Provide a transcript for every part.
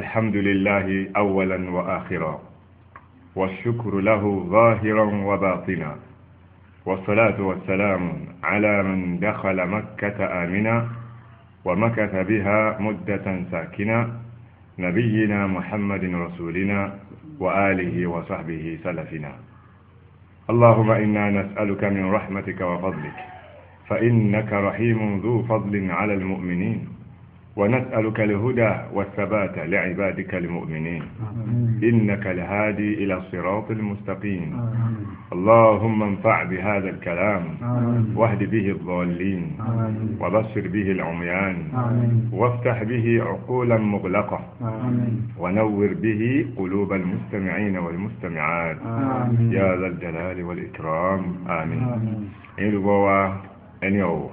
الحمد لله أولا وآخرا والشكر له ظاهرا وباطنا والصلاة والسلام على من دخل مكة آمنا ومكث بها مدة ساكنا نبينا محمد رسولنا وآله وصحبه سلفنا اللهم إنا نسألك من رحمتك وفضلك فإنك رحيم ذو فضل على المؤمنين ونسألك الهدى والثبات لعبادك المؤمنين آمين. إنك الهادي إلى الصراط المستقيم آمين. اللهم انفع بهذا الكلام آمين. واهد به الضالين وبشر به العميان آمين. وافتح به عقولا مغلقة آمين. ونور به قلوب المستمعين والمستمعات آمين. يا ذا الجلال والإكرام آمين إلو أن يوم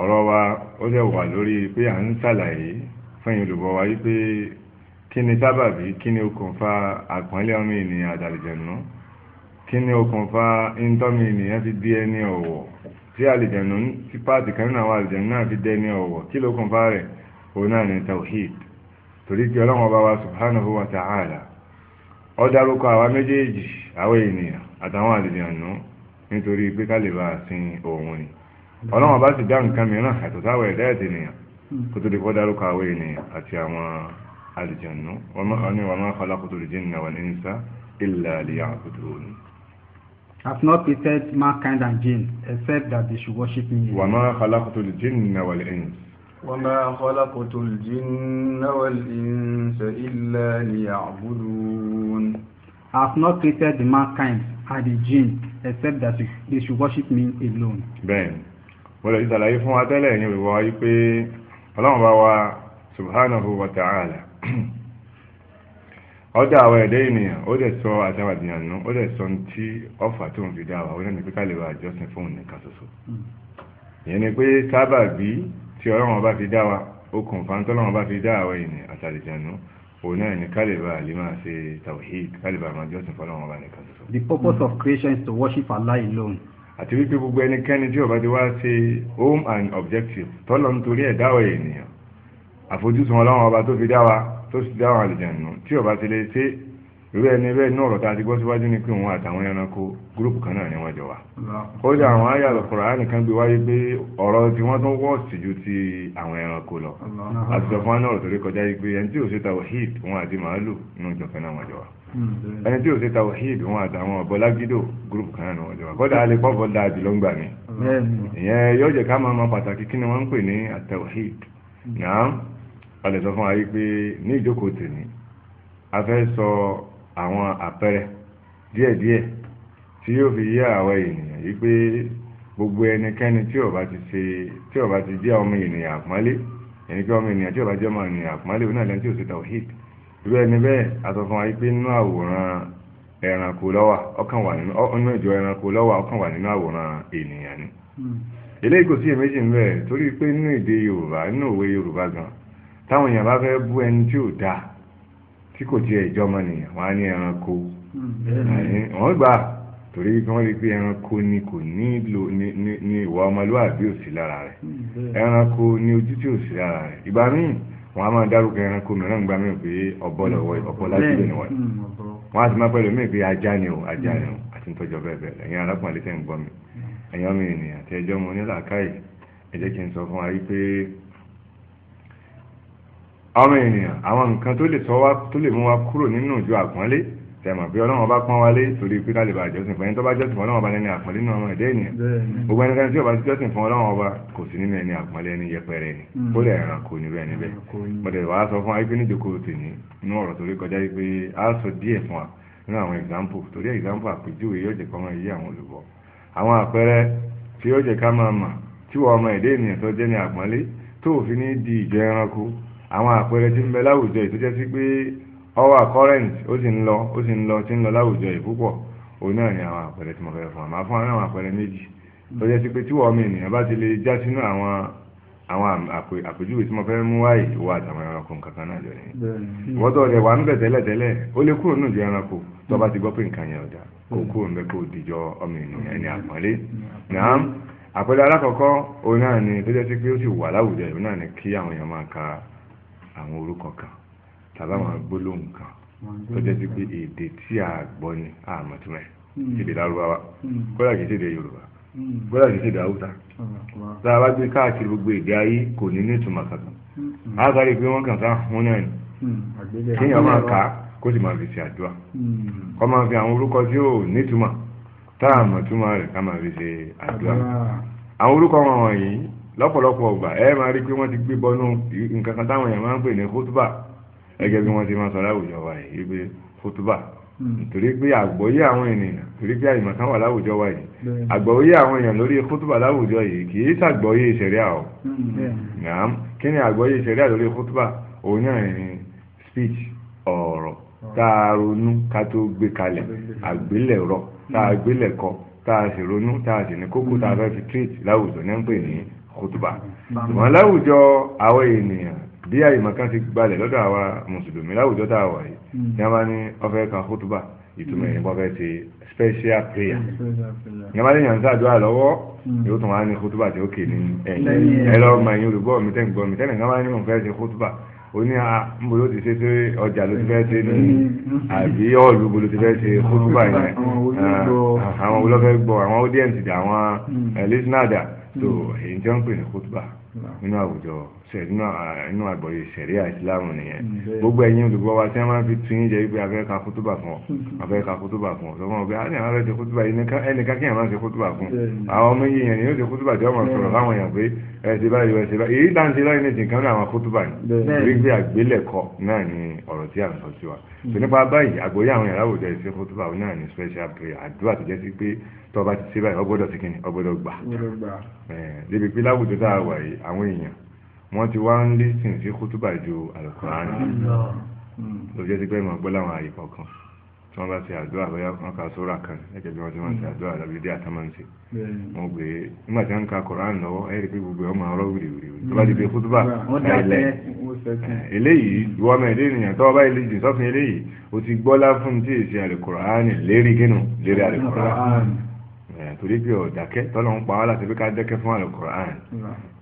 ọ̀rọ̀ wa ó dẹ̀ wà lórí pé à ń ṣàlàyé fún olùbọ̀ wa wípé kí ni sábàbí kí ni okùnfà àpọ́nlé ọmọ ènìyàn àdàlùjẹ̀nú kí ni okùnfà ìntọ́mọ ènìyàn fi di ẹni ọ̀wọ̀ tí àlùjẹ̀nú tí páàtì kan nínú àwọn náà fi ẹni ọ̀wọ̀ kí ló rẹ̀ òun náà tawhid torí ọlọ́run ọba wa subhanahu wa ta'ala dárúkọ àwa méjèèjì àwọn ènìyàn àtàwọn nítorí pé ká lè bá a sin òun ni. ọlọ́wọ́n bá sì dá nǹkan mìíràn àtọ̀ táwọn ẹ̀dá ẹ̀dẹ̀ nìyàn hmm. kó tó di kó dárúkọ àwọn ènìyàn àti àwọn àlìjànú wọn ni wọn máa kọ́lá kó tó di jìnnà wọn sá ilà àlìyà àkótó ni. I've not created mankind and jinn except that they should worship me. وما خلقت الجن والإنس وما خلقت الجن والإنس إلا ليعبدون I have not created the mankind and the jinn except that they should worship me alone. Bẹ́ẹ̀ni wọ́n ti fún wa tẹ́lẹ̀ ní ìwọ̀ pé ọlọ́run bá wa subhanahu wa ta'ala ọdá àwọn ẹ̀dẹ́ ènìyàn ó dẹ̀ sọ àtàwàdìyàn nù ó dẹ̀ sọ tí ọfà tó ń fi dá wa ó ní pípa lè fún nìkan ṣoṣo ìyẹn The purpose of creation is to worship Allah alone àti wípé gbogbo ẹnikẹ́ni tí ó bá ti wá ṣe home and objective tọ́lọ̀ nítorí ẹ̀dá ọ̀ ènìyàn àfojúsùn ọlọ́run ọba tó fi dá wa tó sì dá wa àlùjànnú tí ó bá ti lè ṣe irú ẹni bẹ́ẹ̀ ní ọ̀rọ̀ tá a ti gbọ́ síwájú ni pé òun àtàwọn ẹranko gúrúùpù kan náà ni wọ́n jọ wà kódà àwọn àyà Al-Kùránì gbé wáyé pé ọ̀rọ̀ tí wọ́n tún wọ́ sí ju ti àwọn ẹranko lọ àti sọ fún wa náà ọ̀rọ̀ tó rí kọjá yìí pé ẹni tí ò ṣe tawhid òun àti màálù inú ìjọ kan náà wọ́n jọ wà ẹni tí ò ṣe tawhid òun àtàwọn ọ̀bọ lágídò kan náà àwọn àpẹẹrẹ díẹ̀díẹ̀ tí yóò fi yé àwọn ènìyàn yìí pé gbogbo ẹnikẹ́ni tí ọba bá ti ṣe tí ó ti jẹ́ ọmọ ènìyàn àpọ́nlé ẹnikẹ́ ọmọ ènìyàn tí ó bá jẹ́ ọmọ ènìyàn àpọ́nlé oní àlẹ́ tí ò sí tawhid irú ẹni bẹ́ẹ̀ atọ́fún wa pé nínú àwòrán ẹranko lọ́wà ọkàn wà nínú ìjọ ẹranko lọ́wà ọkàn wà nínú àwòrán ènìyàn ni hmm. eléyìí kò sí èméjì ń bẹ̀ torí pé nínú èdè Yorùbá nínú òwe Yorùbá gan táwọn èèyàn bá fẹ́ bú ẹni tí ò dáa tí kò tiẹ̀ ìjọmọ nìyàn wọn á ní ẹranko hmm, wọn gbà torí wọn rí pé ẹranko ni kò nílò ní ìwà ọmọlúwàbí òsì lára rẹ̀ hmm, ẹranko ni ojú tí òsì lára rẹ̀ ìgbà míì wọn a máa dárúkọ ẹranko mìíràn gbà mí pé ọ̀bọ lọ́wọ́ ọ̀bọ lájúbẹ ni wọn hmm, wọn a sì máa pẹ̀lú mí pé ajá ni o ajá ni o àti nítọjọ bẹ́ẹ̀ bẹ́ẹ̀ ẹ̀yin arákùnrin àti ẹ̀yin gbọ́ mi ẹ̀yin ọmọ ènìyàn àti ẹjọ mo nílà káyì ẹ kí n sọ fún wa yìí pé àwọn ènìyàn àwọn nǹkan tó lè sọ wá tó lè mú wa kúrò nínú ìjọ àpọ́nlé tẹ̀mọ̀ pé ọlọ́run ọba pọ́n wálé torí pé kálí bá jọ́sìn fún ẹni tó bá jọ́sìn fún ọlọ́run ọba lẹ́ni àpọ́nlé nínú ọmọ ẹ̀dẹ́ ènìyàn gbogbo ẹnikẹ́ni tí ọba ti jọ́sìn fún ọlọ́run ọba kò sí nínú ẹni àpọ́nlé ẹni yẹpẹrẹ ni hmm. ó lè ràn kó níbẹ̀ níbẹ̀ mo tẹ̀lé wàá sọ fún wa pé níjòkó tèmi inú ọ̀rọ̀ torí kọjá pé a sọ díẹ̀ fún wa nínú àwọn example torí example àpèjúwe yóò jẹ́ kọ́mọ yí àwọn olùbọ̀ àwọn àpẹẹrẹ tí yóò jẹ́ ká máa mà tí wọ́n ọmọ ẹ̀dẹ́ ènìyàn tó jẹ́ ní àpọ́nlé tó òfin ní di ìjọ ẹranko àwọn àpẹẹrẹ tí ń bẹ láwùjọ yìí tó jẹ́ sí pé ọwọ́ current ó sì ń lọ ó sì ń lọ tí ń lọ láwùjọ yìí púpọ̀ òun náà ni àwọn àpẹẹrẹ tí mo fẹ́ fún wa máa fún wa náà àwọn àpẹẹrẹ méjì tó jẹ́ sí pé tí wọ́n mi ènìyàn bá ti lè já sínú àwọn àwọn àpèjúwe tí mo fẹ́ mú wáyé ìwọ àtàwọn ẹranko nǹkan kan náà jọ ní. ìwọ́n tó wà ń bẹ̀ tẹ́lẹ̀ ó lè kúrò nù ju ẹranko tó bá ti gbọ́ pé nǹkan yẹn ọ̀dà kó kúrò nbẹ kó dìjọ ọmọ ènìyàn ẹni àpọ́nlé. àpẹẹrẹ alákọ̀ọ́kọ́ òun náà ni tó jẹ́ sí pé ó sì wà láwùjọ ìlú náà ni kí àwọn èèyàn máa ka àwọn orúkọ kan tàbí àwọn hmm. gbólóhùn kan tó jẹ́ sí pé èdè tí a gbọ́ ni àmọ́ tí hmm. lárúbáwá hmm. kódà kìí ṣèdè yorùbá kìí ṣèdè haúsá tá a bá gbé gbogbo èdè ayé kò ni máa kà á kó sì máa fi ṣe àdúrà máa fi àwọn orúkọ tí ò tá rẹ̀ ká máa fi ṣe àdúrà àwọn lọ́pọ̀lọpọ̀ ọgbà ẹ máa rí pé wọ́n ti gbé bọ́nú nǹkan kan táwọn èèyàn máa ń pè ní kótóbà ẹgẹ́ bí wọ́n ti máa sọ láwùjọ wa yìí wípé kótóbà hmm. torí pé àgbọ́yé àwọn ènìyàn torí pé àyìnbọn kan wà láwùjọ wa yìí àgbọ́yé àwọn èèyàn lórí kótóbà láwùjọ yìí kì í ṣàgbọ́yé ìṣẹ̀ríà o hmm, nàám kí ni àgbọ́yé ìṣẹ̀ríà lórí kótóbà òun náà ni speech ọ̀rọ̀ tá a ronú ká tó gbé kalẹ̀ àgbélẹ̀rọ tá a hmm. gbélẹ̀kọ tá kútùbà wọn láwùjọ àwọn ènìyàn bí àyèmọ̀kan ti gbalẹ̀ lọ́dọ̀ àwa mùsùlùmí láwùjọ tá a wà yìí hmm. ní a máa ní ọfẹ́ kan kútùbà ìtumọ̀ yìí wọ́n fẹ́ ṣe special prayer hmm. ní a máa ní yàn sáàdúrà lọ́wọ́ hmm. yóò tún wá ní kútùbà tí ó kè ní ẹ̀yìn ẹ̀rọ ọmọ ẹ̀yìn olùgbọ́ mi tẹ́ ń gbọ́ mi tẹ́lẹ̀ kan máa ní òun fẹ́ ṣe kútùbà ó ní a ah, ń bolo ti ṣe ṣe ọjà ló ti fẹ́ ṣe ní àbí ọ̀lú bolo ti fẹ́ ṣe kútùbà yẹn àwọn olùgbọ́ ah, ah, àwọn audience dà àwọn eh, listener dà so èyí tí ń pè ní kútùbà nínú àwùjọ nínú àgbọ̀yé sẹ̀ríà ìsìláàmù nìyẹn mm, gbogbo ẹ̀yin olùgbọ́ wa tí wọ́n máa fi tún yín jẹ́ wípé afẹ́ ka kútúbà fún ọ afẹ́ ka kútúbà fún ọ sọfún ọgbẹ́ àti àwọn afẹ́ ṣe kútúbà ẹnìkan kí ẹ̀ máa ṣe kútúbà fún àwọn ọmọ yìí yẹn ni yóò ṣe kútúbà tí wọ́n máa sọ̀rọ̀ láwọn èèyàn pé ẹ ṣe báyìí ẹ ṣe báyìí èyí láǹṣe láyé ní ìsìn kan ní àwọn kútúbà ni wípé àgbélẹ̀kọ náà ni ọ̀rọ̀ tí à ń sọ sí wa tó mm. nípa báyìí àgbóyé àwọn yàrá òjò ìṣe kútúbà náà ni special prayer àdúrà tó jẹ́ sí pé tọ́ba ti ṣe báyìí ọgbọ́dọ̀ ti kíni ọgbọ́dọ̀ gbà. débi pé láwùjọ tá a wà yìí àwọn èèyàn wọ́n ti wá ń lísìn sí kútúbà ju àlùkùránì ló jẹ́ sí pé ìmọ̀ gbọ́ láwọn àyè kọ̀ọ̀kan tí wọ́n bá ṣe àdúrà bóyá wọ́n ka sóra kan ẹ̀jẹ̀ bí wọ́n ti wọ́n ṣe àdúrà lábí dé àtàmánsì wọ́n gbé nígbà tí wọ́n ka kọ̀rán lọ́wọ́ ẹ̀ rí pé gbogbo ọmọ ọ̀rọ̀ wìrì wìrì tó bá di pé kútúbà ẹ̀lẹ̀ eléyìí ìwọ́n mẹ́rin ènìyàn tó bá ilé jìn sọ́fin eléyìí ó ti gbọ́lá fún tí èsì àlùkùránì lérí gínú lérí àlùkùránì Eh, torí pé ọ̀dákẹ́ tọ́lọ̀ ń pa wá láti pé ká dákẹ́ fún alukur'an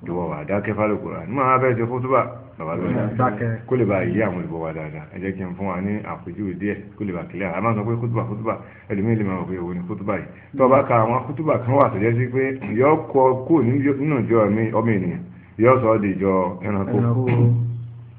ìwọ̀ wà dákẹ́ fún alukur'an ní máa bẹ́ẹ̀ ṣe fún túbà bàbá lọ́dà kó lè bá yí àwọn ìbọ̀ wà dáadáa ẹ jẹ́ kí n fún wa ní àpèjúwe díẹ̀ kó lè bá kílẹ̀ a sọ pé kútùbà kútùbà ẹlòmíì lè máa wọ pé òun ni kútùbà yìí tó bá ka àwọn kútùbà kan wà tó sí pé yọ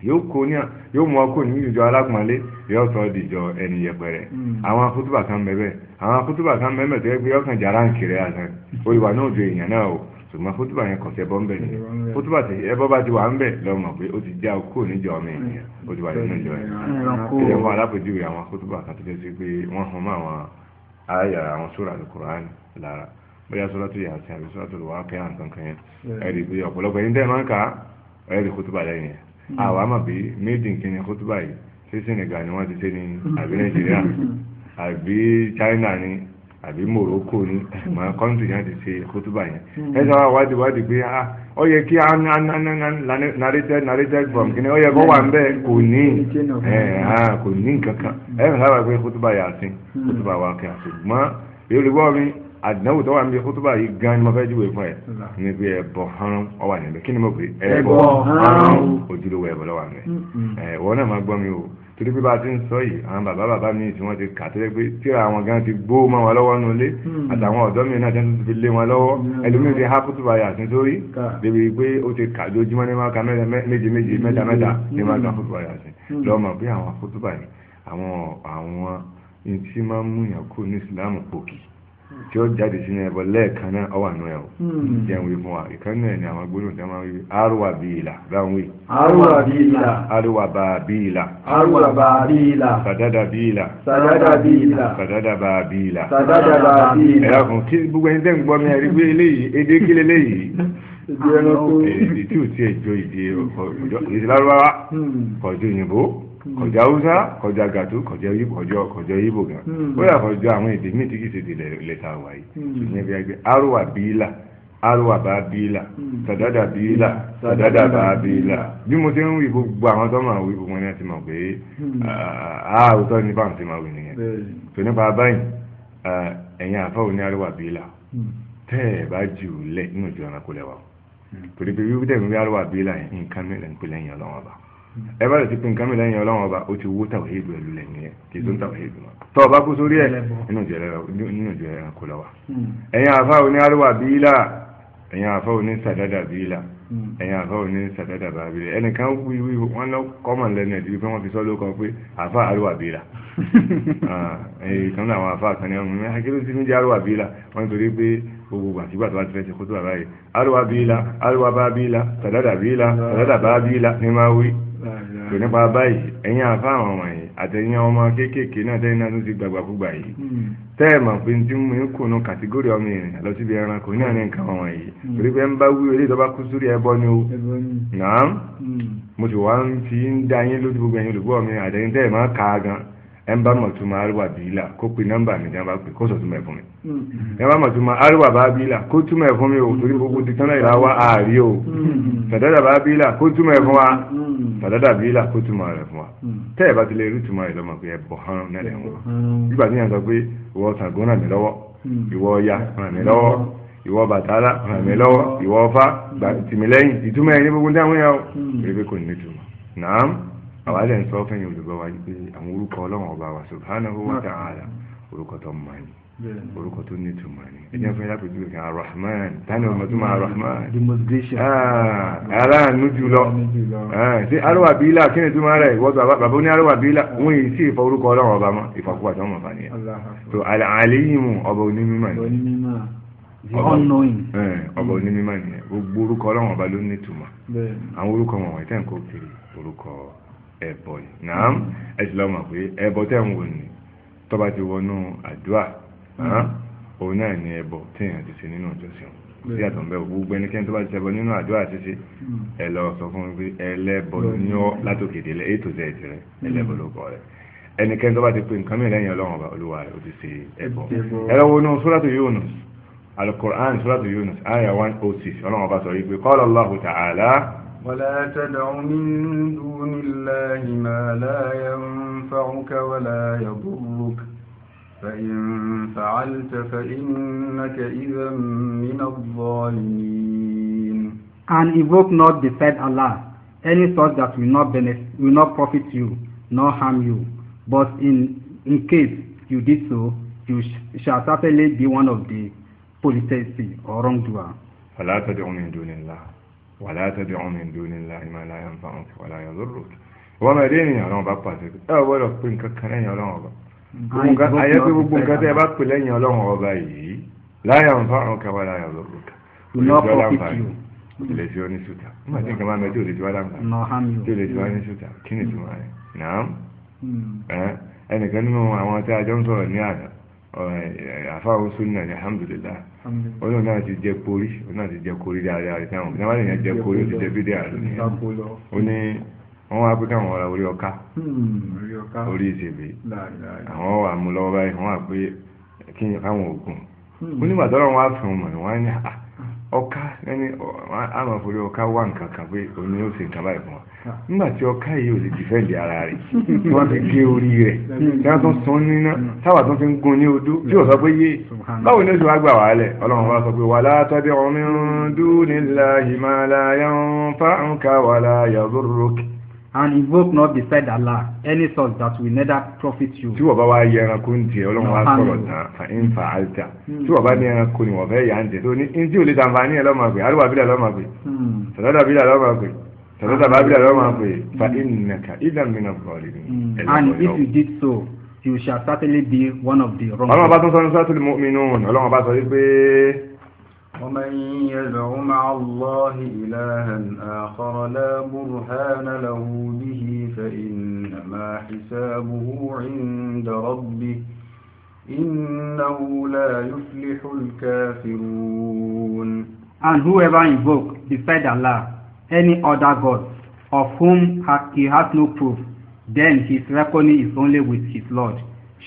yóò kó ní yóò mú ọkọ ní ìjọ alágbọ̀nlé yóò sọ dìjọ ẹni yẹpẹrẹ hmm. àwọn akútùbà kan bẹ̀bẹ̀ àwọn akútùbà kan bẹ̀bẹ̀ tó yẹ pé ọkàn jàrá ń kiri àtàn olùwà náà ju èèyàn náà o ṣùgbọ́n kútùbà yẹn kọ̀ọ̀sẹ̀ bọ́ ń bẹ̀ nìyẹn kútùbà tí ẹbọ bá ti wà ń bẹ̀ lọ́mọ pé ó ti já okó níjọ ọmọ ènìyàn ó ti wà nínú ìjọ yẹn ìyẹn fún alápèjúwe àwọn kútùbà kan tó jẹ́ pé wọ́n hàn mọ́ àwọn ayà àwọn sóra Al-Qur'an lára bóyá sóra tó yà àti àbí sóra tó lò wá pé kankan yẹn ẹ̀rí pé ọ̀pọ̀lọpọ̀ ẹni tẹ́ máa ń kà á ẹ̀rí kútùbà lẹ́yìn yẹn àwọn àmàbí méjì kìíní kótóbà yìí ṣé Senegal ni ti ṣe ní nigeria Nàìjíríà China ni àbí Morocco ni màá kọ́ńtì yẹn ti ṣe kótóbà yẹn hmm. ẹ sọ wá wádìí wádìí pé ah ó yẹ kí from kìíní ó yẹ kó wà ń kò ní kò ní nǹkan ẹ fẹ́ sábà pé kótóbà àdánwò tó wà níbi kútúbà yìí gan ni mo fẹ́ júwèé fún ẹ ní pé ẹbọ hán ọ wà níbẹ̀ kí ni mo pè ẹbọ hán ojúlówó ẹbọ lọ́wọ́ mi ẹ wọn náà máa gbọ́ mi o torí pé bá a ti ń sọ yìí àwọn bàbá bàbá mi tí wọ́n ti kà tẹ́lẹ̀ pé tíra àwọn gan ti gbó mọ́ wọn lọ́wọ́ nù lé mm. àtàwọn ọ̀dọ́ mi náà tẹ́lẹ̀ ti fi lé wọn lọ́wọ́ mm. ẹlòmíì ti há kútúbà yà sí sórí débi pé ó ti kà lójúmọ́ ní máa ka méje méje mẹ́ta mm. mẹ́ta ní máa ka yà sí lọ́mọ bí àwọn kútúbà yìí àwọn àwọn ntí máa ń múyàn kú ní ìsìlámù pòkì tí ó jáde sínú ẹbọ lẹ́ẹ̀kan náà ọwà nù ẹ̀ o jẹun hmm. wí fún wa ìkan náà ni àwọn gbólóhùn tí wọ́n máa ń wí arúwà bíìlà báwọn wí. arúwà bíìlà. arúwà bá bíìlà. arúwà bá bíìlà. sàdádà bíìlà. sàdádà bíìlà. sàdádà bá bíìlà. sàdádà bá bíìlà. ẹ̀rọ kùn kí gbogbo ẹni tẹ́ ń gbọ́ mi ẹ̀rí pé eléyìí edé kí leléyìí ìdí ẹranko èdè tí ò tiẹ̀ jọ ìdí ọjọ́ ìdí lárúbáwá hmm. ọjọ́ òyìnbó Hmm. kọjá haúsá kọjá gàtú kọjá yíbo kọjá yíbo gan hmm. ó yà kọjá àwọn èdè míì tí kì í ṣe èdè lẹ́ta wà yìí hmm. ṣùgbọ́n bí agbẹ́ arúwà bíílà arúwà bá bíílà tàdádà bíílà tàdádà bá bíílà bí mo ṣe ń wí gbogbo àwọn tó máa wí gbogbo náà ti mọ̀ pé àárútọ́ ní báwọn ti máa wí nìyẹn tó nípa báyìí ẹ̀yin àfáwò ní arúwà bíílà tẹ́ ẹ̀ bá jù lẹ́ nínú ìjọ ẹranko lẹ́wà torí pé wíwú tẹ̀ ń rí arúwà bíílà nǹkan mẹ́rin pẹ̀lẹ́ yẹn ọlọ́wọ́n bá ẹ bá lè ti pin nǹkan mi lẹ́yìn ọlọ́run ọba ó ti wó tàwáhídù ẹ̀ lulẹ̀ nìyẹn kì í tó ń tàwáhídù mọ́ tọ́ ọba kú sórí ẹ̀ nínú ìjọ ẹran kò lọ́wọ́ ẹ̀yin àfa òní arúgbó àbílà ẹ̀yin àfa òní sàdádà àbílà hmm. ẹ̀yin àfa òní sàdádà àbílà ẹnìkan wíwí wọn lọ kọ́mọ̀ lẹ́nu ẹ̀dí pé wọ́n fi sọ́ọ́ lóko pé àfa arúgbó àbílà ìkan láwọn àfa àkànní ọmọ mi akérò ah, sí ní jẹ́ arúgbó àbílà wọ́n torí pé gbogbo àtìgbà tó bá ti fẹ́ ṣe kótó àbáyé arúgbó àbílà arúgbó àbábílà sàdádà àbílà sàdádà àbábílà ni máa wí tò nípa báyìí ẹ̀yin àfáwọn ọmọ yìí àtẹ̀yìn ọmọ kéékèèké náà tẹ́yìn náà tó ti gbàgbà fúgbà yìí hmm. tẹ́ẹ̀mọ̀ pé tí mo ń kùnú kàtígórì ọmọ ènìyàn lọ síbi ẹranko náà ní nǹkan ọmọ yìí hmm. torí pé ń bá wí eré ìjọba kú sórí ẹbọ ni ó nàá hmm. mo sì wá ń fi ń da yín lójú gbogbo ẹ̀yin olùgbọ́ mi àtẹ̀yìn tẹ́ẹ̀mọ̀ ká gan ẹ ń bá mọ̀túnmọ̀ arúwà bíílà kó pe nọ́mbà mi jẹun bá pè kó sọ̀túnmọ̀ ẹ̀ fún mi hmm. ẹ bá mọ̀túnmọ̀ arúwà bá bíílà kó túmọ̀ ẹ̀ fún mi o torí gbogbo ti tán náà wá ààrí o sàdádà hmm. bá bíílà kó túmọ̀ ẹ̀ fún wa sàdádà hmm. bíílà kó túmọ̀ rẹ̀ fún wa tẹ́ ẹ̀ bá ti lè rí túmọ̀ lọ́mọ pé ẹ bọ̀ hán nílẹ̀ wọn nígbà tí yàn pé ìwọ àwọn àdẹ̀ ń sọ fẹ́yìn olùgbọ́ wa pé àwọn orúkọ ọlọ́run ọba wa subhanahu wa ta'ala orúkọ tó mọ̀ ni orúkọ tó ní ìtumọ̀ ni ẹjẹ́ fún yàtọ̀ jù kan Rahman tani ọmọ tó máa rahman aláàánú ah, jùlọ ah, ṣé arúwà bíílà kí ni tó máa rẹ̀ ìwọ́ bàbá ní arúwà bíílà ah. wọ́n yìí sí ìfọ orúkọ ọlọ́run ọba mọ́ ìfọkúwà tó mọ̀ fani so àlẹ́yìnmù ọba onímọ̀ ni eh, ọba onímọ̀ ni gbogbo orúkọ ọlọ́run ọba ló ní ìtumọ̀ àwọn orúkọ wọn wọ̀nyí tẹ̀ ń kó kiri orúkọ ọlọ́run ẹbọ ni naam ẹ sì lọ́mọ̀ pé ẹbọ tẹ́ ń wò ní tó bá ti wọnú àdúrà hmm. òun náà ni ẹbọ téèyàn ti ṣe nínú ìjọsìn sí àtọ̀ ń bẹ gbogbo ẹnikẹ́ni tó bá ti ṣẹbọ nínú àdúrà ṣíṣe hmm. ẹ lọ sọ fún mi pé ẹlẹ́bọ ní ọ látòkè délẹ̀ ètò zẹ̀ ìtìrẹ hmm. ẹlẹ́bọ ló kọ rẹ ẹnikẹ́ni tó bá ti pe nǹkan mìíràn lẹ́yìn ọlọ́run ọba olúwa rẹ̀ o ti ṣe ẹbọ ẹ lọ wo inú suratu Yunus alukur'an suratu Yunus aya one oh six ọlọ́run ọba sọ yìí pé qala Allahu ta'ala. ولا تدع من دون الله ما لا ينفعك ولا يضرك فإن فعلت فإنك إذا من الظالمين And evoke not beside Allah any thought that will not benefit, will not profit you nor harm you, but in in case you did so, you shall certainly be one of the polytheists or wrongdoer. فلا تدع من دون الله ولا tẹ́lẹ̀ ọ̀hún ìlú nílá ìmọ̀lá yẹn fa òun wàlá yẹn lóró wọ́n máa dé ènìyàn ọlọ́run bá pàṣẹ ẹ ò gbọ́dọ̀ pé nǹkan kan lẹ́yìn ọlọ́run ọba ayé pé gbogbo nǹkan tẹ́ ẹ bá pè lẹ́yìn ọlọ́run ọba yìí láyà ń fa òun kẹwàá láyà lóró ilé tí ó ní sùtà nígbà tí nǹkan máa mẹ tí ò lè ti láǹfààní tí ò lè ti ní sùtà kí ni ìtumọ̀ rẹ̀ nàám hmm. ẹnìkan nínú àwọn tí a jọ ń sọ̀rọ̀ ní àná àfáwọn sunna ní alhamdulillah ọlọ́run náà ti jẹ porí ọlọ́run náà ti jẹ korí dáadáa rẹ̀ táwọn ìjọba lè yàn jẹ porí ó ti jẹ bídíà rẹ̀ ó ní wọ́n wá pé káwọn ọ̀rọ̀ hmm, orí ọká orí ìṣèlè àwọn wà mú lọ́wọ́ báyìí wọ́n wà pé káwọn òògùn hmm. ó wá fún ọká ẹni àmọ̀ fúri ọká wà nǹkan kan pé òní ó sì nǹkan báyìí fún wa nígbà tí ọká yìí ò lè dìfẹ́ǹdì ara rẹ̀ tí wọ́n fi gé orí rẹ̀ tí wọ́n tún sun níná hmm. táwa tún fi ń gun ní odó tí ò sọ pé yé báwo ni ó sì wá gbà wá lẹ̀ ọlọ́run wa sọ pé wala tabi'u min dunillahi ma la yanfa'uka wala yadurruka and invoke not beside Allah any source that will neither profit you. tí wọ́n bá wá yẹ ẹranko ń tiẹ̀ ọlọ́run wá sọ̀rọ̀ tán fa ń fa alta hmm. tí wọ́n bá ní ẹranko ni wọ́n fẹ́ yà ń tẹ̀ tó ní ní tí ò lè tàǹfà ní ẹ lọ́mọ pé àríwá bílà lọ́mọ pé hmm. sọ̀tọ́dà bílà lọ́mọ pé sọ̀tọ́dà bá bílà lọ́mọ pé hmm. fa ìnàkà ìdá mi náà kọ̀ lẹ́nu. and if you did so you shall certainly be one of the wrong. ọlọ́run bá tún sọ ومن يدع مع الله إلها آخر لا برهان له به فإنما حسابه عند ربه إنه لا يفلح الكافرون And whoever invoke beside Allah any other god of whom he has no proof, then his reckoning is only with his Lord.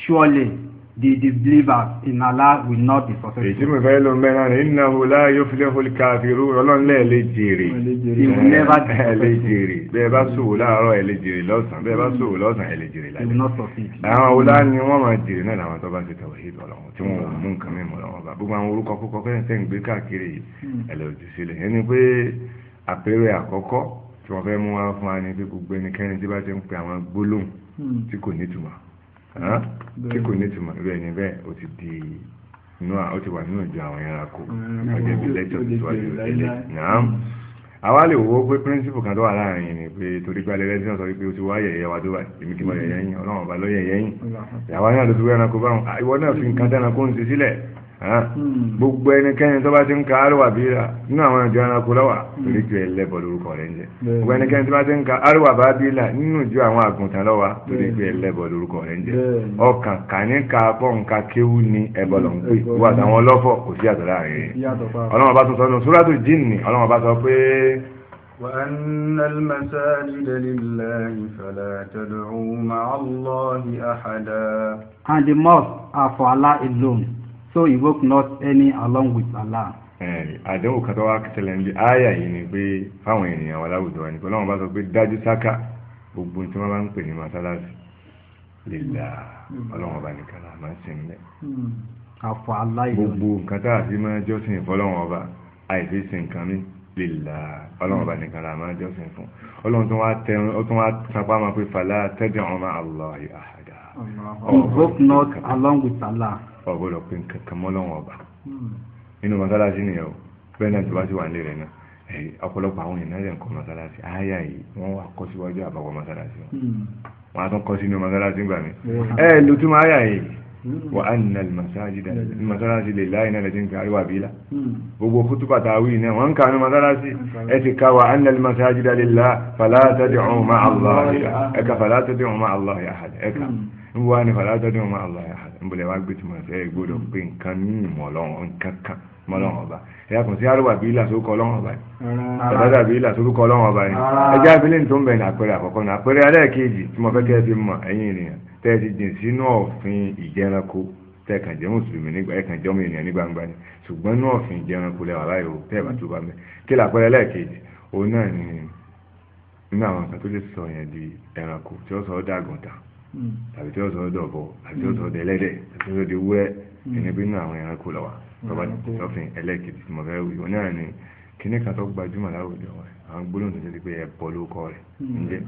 Surely the the believers in Allah will not be successful. èyí mi fẹ́ ló ń bẹ́ náà ní innahu la yuflihul kafirun ọlọ́nlẹ̀ lè jèrè. he will never be successful. lè jèrè bẹ́ẹ̀ bá sòwò láàárọ̀ ẹ̀ lè jèrè lọ́sàn-án bẹ́ẹ̀ bá sòwò lọ́sàn-án ẹ̀ lè jèrè lálẹ́. he will not succeed. àwọn ọ̀la ni wọ́n máa jèrè náà làwọn tó bá ti tẹ̀wé ìlú ọlọ́run tí wọ́n mú nǹkan mi mọ̀ lọ́wọ́ bá gbogbo àwọn orúkọ kókó fẹ́ẹ́ ń gbé káàkiri ẹ̀ lọ́ọ́ jù sílẹ̀ ẹni pé àpẹẹrẹ àkọ́kọ́ tí wọ́n fẹ́ mú wá fún wa ni pé gbogbo ẹnikẹ́ni tí bá ti ń pe àwọn gbólóhùn hmm. tí kò nítumọ̀ tí kò ní tìmọ̀ rẹ̀ ní bẹ́ẹ̀ ó ti di inú ó ti wà nínú ibi wo kan tó wà láàrin ni pé torí pé alẹ́ lẹ́sìn sọ pé o ti wá yẹ̀yẹ́ wa tó bá èmi kí mo yẹ̀yẹ́ yín ọlọ́run ọba ló yín ìyàwó náà ló ti wá ẹranko báwọn ìwọ náà fi nǹkan dáná kó ń ṣe sílẹ̀ gbogbo ẹnikẹ́ni tó bá ti ń ka arúwà bí ra nínú àwọn ìjọ ẹranko lọ́wà hmm. toríjọ ẹlẹ́bọ̀ lórúkọ rẹ̀ ń jẹ́ gbogbo ẹnikẹ́ni tó bá ti ń ka bá bí ra nínú ìjọ àwọn àgùntàn lọ́wà lórúkọ rẹ̀ ń jẹ́ ọkàn kàníkà kéwú ni ẹbọ lọ́n pé wà táwọn ọlọ́fọ̀ kò sí àtọ̀ láàrin ọlọ́mọba tó sọ sọ pé وأن المساجد لله so invoke not any along with Allah. àdéhùn kan tó wá tẹ̀lé ń bí àyà yìí ni pé fáwọn ènìyàn wa láwùjọ wa ni pé ọlọ́run bá sọ pé dájú sáká gbogbo tí wọ́n bá ń pè ní mọ́sálásí lílà hmm. ọlọ́run ọba nìkan là máa ń sin lẹ́. Hmm. àfọ aláìlú. gbogbo nǹkan tá a fi máa jọ́sìn ìfọlọ́run ọba àìfi nǹkan mi lílà ọlọ́run bá nìkan la máa jọ́sìn fún ọlọ́run tó wá sapá máa pé fàlá tẹ́bí àwọn máa lọ àhàdà. invoke not along with Allah. ọ̀gbọ́dọ̀ pé nǹkan kan mọ́ lọ́wọ́ ọba nínú hmm. mọ́sálásí nìyẹn o bẹ́ẹ̀ náà tó bá sì wà nílé rẹ̀ náà ọ̀pọ̀lọpọ̀ àwọn èèyàn náà kọ́ mọ́sálásí àyà yìí wọ́n wà kọ́ síwájú àbáwọ̀ mọ́sálásí wọn a hmm. tún kọ́ sínú mọ́sálásí gbà mí ẹ lótú máa yà yìí wa anna al-masajida masalasi lè láì náà lẹ́jìn kárí wà bílá gbogbo kútùbà tàwí náà wọ́n kà ní masalasi ẹ ti ká wa anna al-masajida lillah fala tad'u ma'a Allahi ẹka fala tad'u ma'a Allahi ahad mm. ẹka mm. ń wá ní fala tad'u ma'a Allahi ahad ń bọ̀lẹ̀ wá gbé tí mo sẹ́ gbọ́dọ̀ pé nǹkan ní ìmọ̀ ọlọ́run nǹkan kan mọ́lọ́run ọba ẹ̀yà kùn sí àrùwà bí ìlà sórúkọ ọlọ́run ọba ni àbádà bí ìlà sórúkọ ọlọ́run ọba ni ẹjẹ́ abilé tó ń bẹ̀rẹ̀ àpẹẹrẹ àkọ́kọ́ ní àpẹẹrẹ alẹ́ẹ̀kejì tí mo fẹ́ kẹ́ fi mọ̀ ẹ̀yin ènìyàn tẹ́ẹ̀tì jìn sínú ọ̀fin ìjẹranko tẹ́ẹ̀kan jẹ́ mùsùlùmí nígbà ẹ̀kan jẹ́ ọmọ ènìyàn ní gbangba ni ṣùgbọ́n inú ọ̀fin ìjẹranko lẹ́wà láyò tẹ́ẹ̀bà tó bá mẹ́ kí làpẹ́rẹ́ lẹ́ẹ̀kejì òun náà ni nínú àwọn nǹkan tó lè sọ yẹn di ẹranko tí ó sọ ọ́ dàgùntà hmm. tàbí tí ó sọ ọ́ dọ̀bọ tàbí tí ó sọ ọ́ hmm. dẹlẹ́dẹ̀ tàbí tí ó sọ ọ́ di wúrẹ́ hmm. ẹni bí nínú àwọn ẹranko lọ́wọ́ tọ́ba sọ́fin kíní kan tó gbajúmọ̀ láwùjọ wa àwọn gbólóhùn tó jẹ́ sí pé ẹ̀bọ lórúkọ rẹ̀ hmm, ǹjẹ́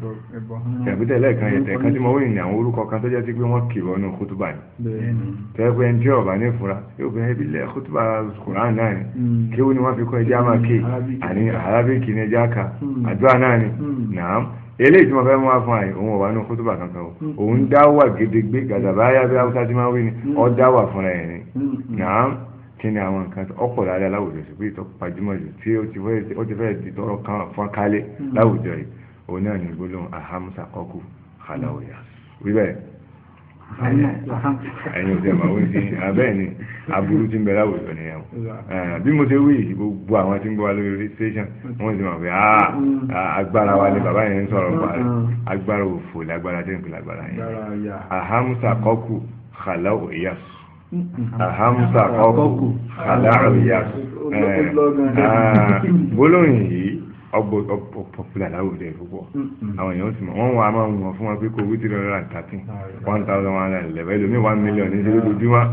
ìyàgbẹ́tẹ̀ lẹ́ẹ̀kan yẹn tẹ̀kan tí mo wí ní àwọn orúkọ kan tó jẹ́ sí pé wọ́n kì wọnú kútùbà ni tẹ́lẹ̀ pé ẹni tí ọ̀bà ní ìfura yóò fi ẹbí lẹ́ kútùbà kùrán náà ni hmm. kéwú ni wọ́n fi kọ́ ẹjẹ́ àmà hmm, ké àní arábíkì ni ẹjẹ́ àkà àdúrà náà ni nàám eléyìí tí mo fẹ́ mú wá fún àyè òun ò wá nù kútùbà kankan o òun dá wà gédégbé gàdàbáyà bí haúsá ti máa wí ni ọ́ dá wà fúnra ẹ̀ ni nàám kí ni àwọn nǹkan ọ̀pọ̀ dáadáa láwùjọ sí pé ìtọ́pajúmọ̀ jù tí ó ti fẹ́ di tọrọ kan fọ́n kálé hmm. láwùjọ yìí òun náà ní gbólóhùn ahamusa kọ́kù kàlàwòyà wíbẹ̀ ẹ̀yin ò tẹ́ ma wí sí abẹ́ẹ̀ ni aburú ti ń bẹ láwùjọ nìyẹn o bí mo ṣe wí gbogbo àwọn tí ń gbọ́ wa lórí station hmm. wọ́n ti mọ̀ pé ah, hmm. agbára wa ni bàbá yẹn ń sọ̀rọ̀ pa agbára òfò lágbára tẹ́ ń pè yẹn ahamusa kọ́kù kàlàwòyà ahamsa ọkù aláàríyá eh, ah, gbólóhùn yìí ọpọpọpọlá láwùjọ ìfúpọ̀ àwọn èèyàn sì mọ̀ wọ́n wọ́n a máa wọ̀n fún wọn pé kò wítìrì ọ̀rọ̀ àtàtìn one thousand one hundred eleven ẹlòmíì one million ní ṣẹlẹ̀ lójúmọ́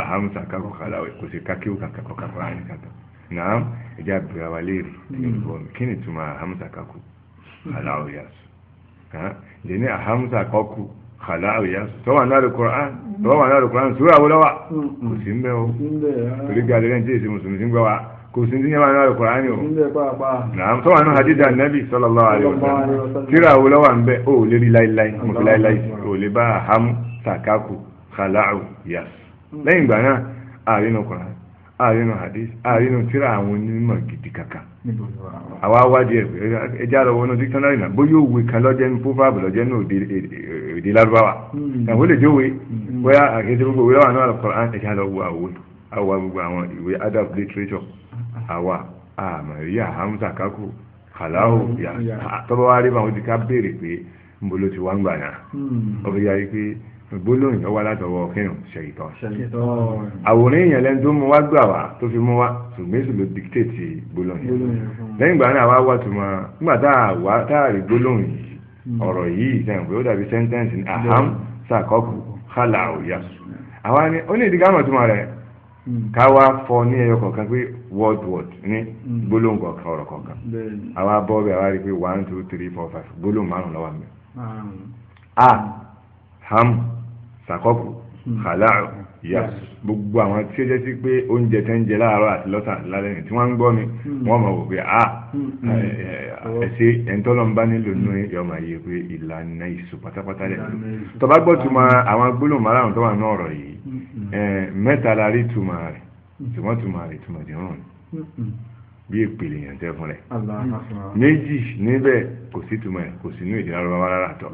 ahamsa kakọ̀ kàláwẹ̀ kò sí kákíw kakọ̀ kakọ̀ àyìn kakọ̀ náà ẹ̀jẹ̀ àbúrò wa léèrè kí ni ìtumọ̀ ahamsa kakọ̀ kàláwẹ̀ yà sùn ahamsa kakọ̀ kàláwìyá tọ́wà náà lè kọ́ra tọ́wà náà lè kọ́ra sùúrù àwọn lọ́wà kò sí ń bẹ́ o torí ga lẹ́yìn tí èsì mùsùlùmí ń gbọ́ wa kò sí ní yàrá lè kọ́ra ni o nàám tọ́wà náà hadith anabi sallallahu alaihi wasallam tíra àwọn lọ́wà ń bẹ́ o ò lè rí láíláí mo fi láíláí o lè bá hamu sakaku kàláwìyá lẹ́yìn ìgbà náà àrínú kọ́ra àrínú hadith àrínú tíra àwọn onímọ̀ gidi kankan àwa wádìí ẹ̀ ẹja lọ wọnú dictionary náà bóyá òwe kan lọ́jẹ́ ní proverb lọ́jẹ́ ní èdè lárúbáwá hmm. àwọn olè jẹ́ òwe hmm. bóyá àkẹ́tẹ́ gbogbo òwe lọ́wọ́ àwọn Al-Qur'an ẹja lọ wọ àwòrán àwa gbogbo àwọn ìwé adab literature àwa àmàríyà hamza kakú kàláhù hmm. tọ́bọ̀ wá rí báwọn ti ká béèrè pé ń bolo ti wá ń gbà náà ọ̀bẹ̀ yára pé gbólóhùn yọ wá látọwọ́ kírun ṣèyítọ àwòrán èèyàn lẹni tó mú wá gbà wá tó fi mú wá ṣùgbọ́n èso ló dictate gbólóhùn yẹn lẹ́yìn ìgbà náà wá wá tùmọ̀ nígbà tá a wá tá a rí gbólóhùn yìí hmm. ọ̀rọ̀ yìí sẹ́yìn pé ó dàbí sẹ́ńtẹ́ǹsì ni hmm. ó ní ìdí gámọ̀ rẹ̀ hmm. ká wá fọ ní ẹyọ kọ̀ọ̀kan pé word word ní gbólóhùn kọ̀ọ̀kan ọ̀rọ̀ sàkọ́kù hmm. kàláàrù ìyá gbogbo àwọn tí ó jẹ́ sí pé oúnjẹ tẹ́ ń jẹ láàárọ̀ àti lọ́sàn lálẹ́ nì tí wọ́n ń gbọ́ mi hmm. wọ́n mọ̀ wò a ẹ̀ṣẹ́ ẹ̀ńtọ́lọ́mbá nílò nínú ìyọ̀mọ̀ yìí pé ìlànà ìṣù pátápátá rẹ̀ tó bá gbọ́ tuma àwọn gbólóhùn márùn-ún tó wà ní ọ̀rọ̀ yìí hmm. mẹ́ta la rí tuma rẹ̀ tùmọ̀ tuma rẹ̀ tuma jẹ̀rán bí ìpìlẹ̀ èèyàn tẹ́ fún rẹ̀ méjì níbẹ̀ kò sí túmọ̀ ẹ̀ kò sí inú ìdílé arúgbó rárá tọ̀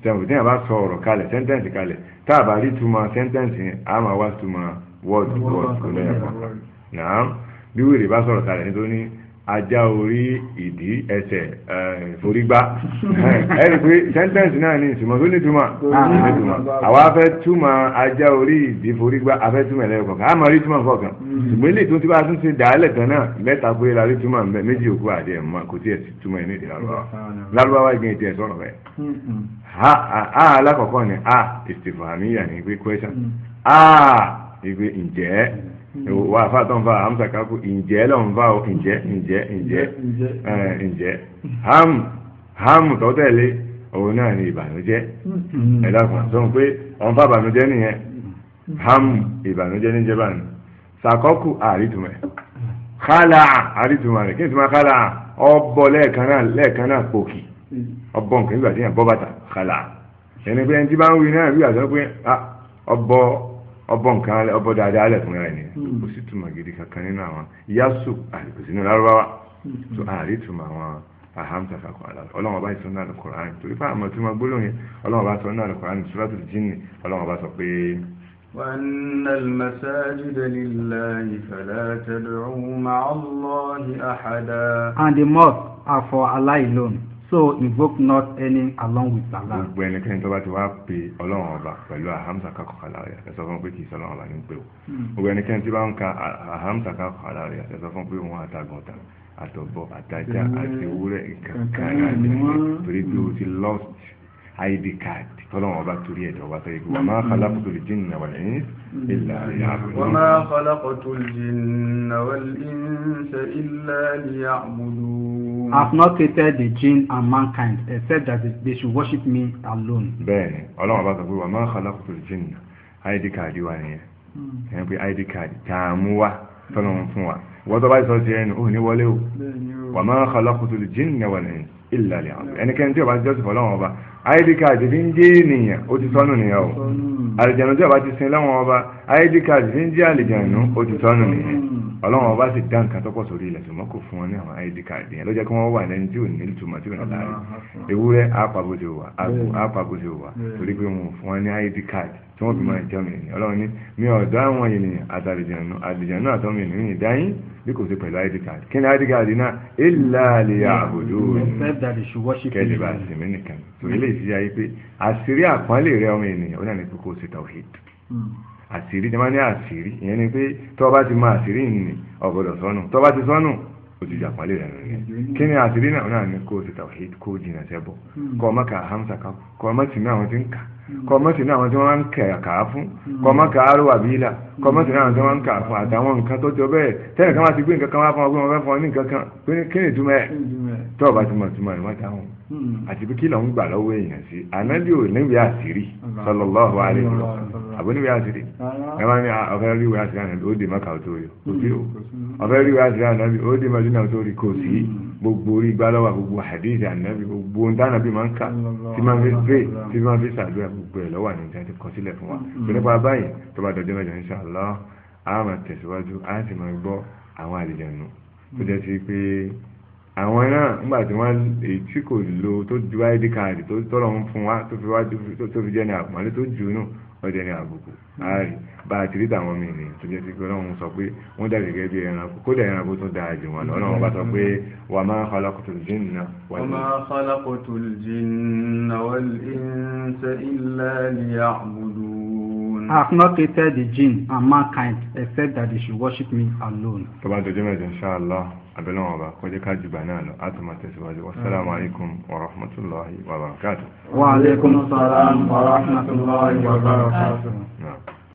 sẹ́wọ̀n mm, mm. tí yẹn bá sọ ọ̀rọ̀ kalẹ̀ sẹ́ńtẹ́ǹsì kalẹ̀ tá a bá rí túmọ̀ sẹ́ńtẹ́ǹsì yẹn a máa wá túmọ̀ wọ́ọ̀dù wọ́ọ̀dù kò lẹ́yìn kan náà bí wèrè bá sọ̀rọ̀ kalẹ̀ nítorí ajá orí ìdí ẹsẹ̀ eh, ìforígbá eh, ẹni pé sẹ́ńtẹ́ǹsì náà ní ìsìnmọ́ tó nítumọ̀ nítumọ̀ àwa fẹ́ túmọ̀ ajá orí ìdí forígbá afẹ́ túmọ̀ ẹlẹ́yọ̀ kọ̀ọ̀kan àmọ́ rí túmọ̀ kọ̀ọ̀kan hmm. ṣùgbọ́n ilé ìtún tí bá tún ṣe dàálẹ̀ kan náà mẹ́ta pé la rí túmọ̀ mbẹ́ méjì òkú àti ẹ̀ mọ́ kò tí ẹ̀ sì túmọ̀ ẹni ìdílárúbáwá lárúbáwá ìgbìn ìtì ẹ̀ sọ̀rọ̀ bẹ́ẹ̀ hmm, hmm. a alákọ̀ọ́kọ́ ni a ìsìfàmíyà ni pé question a ìgbé ǹjẹ́ wà fà tó ń fa hamsa kakú ǹjẹ́ lọ ń fa o ǹjẹ́ ǹjẹ́ ǹjẹ́ ǹjẹ́ ham ham tó tẹ̀lé òun náà ni ìbànújẹ́ mm-hmm. ẹ dákun sọ pé ọ̀n fa ìbànújẹ́ nìyẹn mm-hmm. ham ìbànújẹ́ níjẹ́ báyìí sàkọ́kù àrítùmẹ̀ kálà àrítùmẹ̀ rẹ̀ kí n tún máa kálà ọbọ̀ lẹ́ẹ̀kan náà lẹ́ẹ̀kan náà pòkì ọbọ̀ nǹkan nígbà tí yẹn bọ́ bàtà kálà ẹni pé ẹni tí bá ń wí náà bí àtọ́ pé ah, ọbọ̀ ọbọ nǹkan ọbọ dáadáa alẹ fúnra ẹni hmm. kò sí túmọ̀ gidi kankan nínú àwọn yasu àlùkòsí nínú lárúbáwá tó hmm. àárí túmọ̀ àwọn ahamsaka kan ala ọlọ́wọ́n bá ìsọ́nà alukoran torí fún àwọn tí wọ́n gbólóhùn yẹn ọlọ́wọ́n bá sọ́nà alukoran sùràtù jínì ọlọ́wọ́n bá sọ pé. وأن المساجد لله فلا تدعوا مع الله أحدا. And the mosque are for Allah alone so invoke not any along with Allah. gbogbo ẹnikẹ́ni tó bá ti wá pe ọlọ́run ọba pẹ̀lú ahamsaka kọkànlá rẹ̀ ẹ sọ fún pé kì í sọlọ́run ọba ní pé o hmm. gbogbo ẹnikẹ́ni tí bá ń ka ahamsaka kọkànlá rẹ̀ ẹ sọ fún pé òun àtàgùntà àtọ̀bọ̀ àtajà hmm. àti ewúrẹ́ kankan àti torí pé o ti lost id card tọ́lọ́run ọba torí ẹ̀dọ̀ wa sọ yìí wà máa hmm. khalaqtu al-jinna wal-insa illa liya'budun. wà máa khalaqtu al-jinna wal-insa illa Hmm. I have not created the jinn and mankind except that they should worship me alone. bẹ́ẹ̀ni Ọlọ́run bá sọ pé wàá máa khalaqtu al jinn. id card wa nìyẹn hmm. ẹ pé id card tààmú wa tọ́lọ́run fún wa wọ́n tó bá sọ sí ẹnu òní wọlé o wàá máa khalaqtu al-jinna wal-insa illa li'abudun ẹnikẹ́ni tí ó bá ti jọ́sìn fọ́lọ́run ọba id card fi ń jẹ́ ènìyàn ó ti sọnù nìyẹn o àlìjànú tí ó bá ti sin lọ́wọ́n ọba id card fi ń jẹ́ àlìjànú ó ti sọnù nìyẹn ọlọ́run ọba sì dá nǹkan tọ́pọ̀ sórí ilẹ̀ ṣùgbọ́n kò fún wọn ní àwọn id card yẹn ló jẹ́ kí wọ́n wà lẹ́ni tí ò ní ìtumọ̀ tí ò ní láàyè ewúrẹ́ àpàbòsè wà àgbò àpàbòsè wà torí pé wọn ò fún wọn ní id card tí wọ́n fi máa mm. jẹun ènìyàn ọlọ́run ní mi ọ̀dọ́ àwọn ènìyàn àtàlìjànú àlìjànú àtọ́mọ ènìyàn ìdáyín bí kò sí pẹ̀lú id card kí ni id card náà ilà lè àbòdó kẹ́lẹ́ bá sinmi nìkan tòun ilé ìsiyá yìí pé àṣírí àpọ́nlé rẹ ọmọ àṣírí jẹ́ máa ní àṣírí ìyẹn ni pé tó bá ti máa àṣírí nìyí ọ̀gbọ́dọ̀ sọnù tó bá ti sọnù òjijì àpọ́nlé rẹ̀ nìyẹn kí ni àṣírí náà náà ní kó o ti tawhid kó o jìnà sẹ́bọ̀ kó o má ka hamsa ká kó o má sì ní àwọn tí ń kà kó o má sì ní àwọn tí wọ́n ń kà á fún kó o má ka aró àbílà kó o má sì ní àwọn tí wọ́n ń kà á fún àtàwọn nǹkan tó jọ bẹ́ẹ̀ tẹ́lẹ̀ kan wá ti gbé nǹkan kan wá fún Hmm. àti pé kí ló ń gbà lọ́wọ́ èèyàn sí ànábì ò níwì àṣírí sallallahu alaihi wasallam àbò níwì àṣírí ẹ máa ní ah, ọ̀fẹ́ rí ìwé àṣírí ànábì ó dè mọ́kà ó tó rí kò sí o hmm. ọ̀fẹ́ rí ìwé àṣírí ànábì ó dè mọ́dúnà ó tó rí kò sí hmm. gbogbo orí gbálọ́wà gbogbo hadith ànábì gbogbo ohun tánàbì máa ń kà tí máa fi pé tí máa fi sàdúrà gbogbo ẹ̀ lọ́wọ́ àníjá ti kọ àwọn náà nígbà tí wọ́n tí kò lo tó ju id card tó tọ́lọ̀ ń fún wa tó fi wájú tó fi jẹ́ ní àpọ́nlé tó jù nù wọ́n jẹ́ ní àbùkù láàrí bá a ti rí tàwọn míì ní tó jẹ́ sí pé ọlọ́run sọ pé wọ́n dàbí gẹ́gẹ́ bí ẹranko kódà ẹranko tó dáa jù wọn lọ ọlọ́run bá sọ pé wa ma khalaqtul jinna wal insa. wa ma khalaqtul jinna wal insa illa liya'budun. I have not created the jinn and mankind except that they should worship me alone. tó bá dojú mẹ́jọ insha Allah abẹ́lẹ́wọ̀n ọba kọjá ká jùgbà náà lọ àti máa tẹ̀síwájú wasalaamu alaykum wa rahmatulahi wa barakatu. wa aleykum salaam wa rahmatulahi wa barakatu.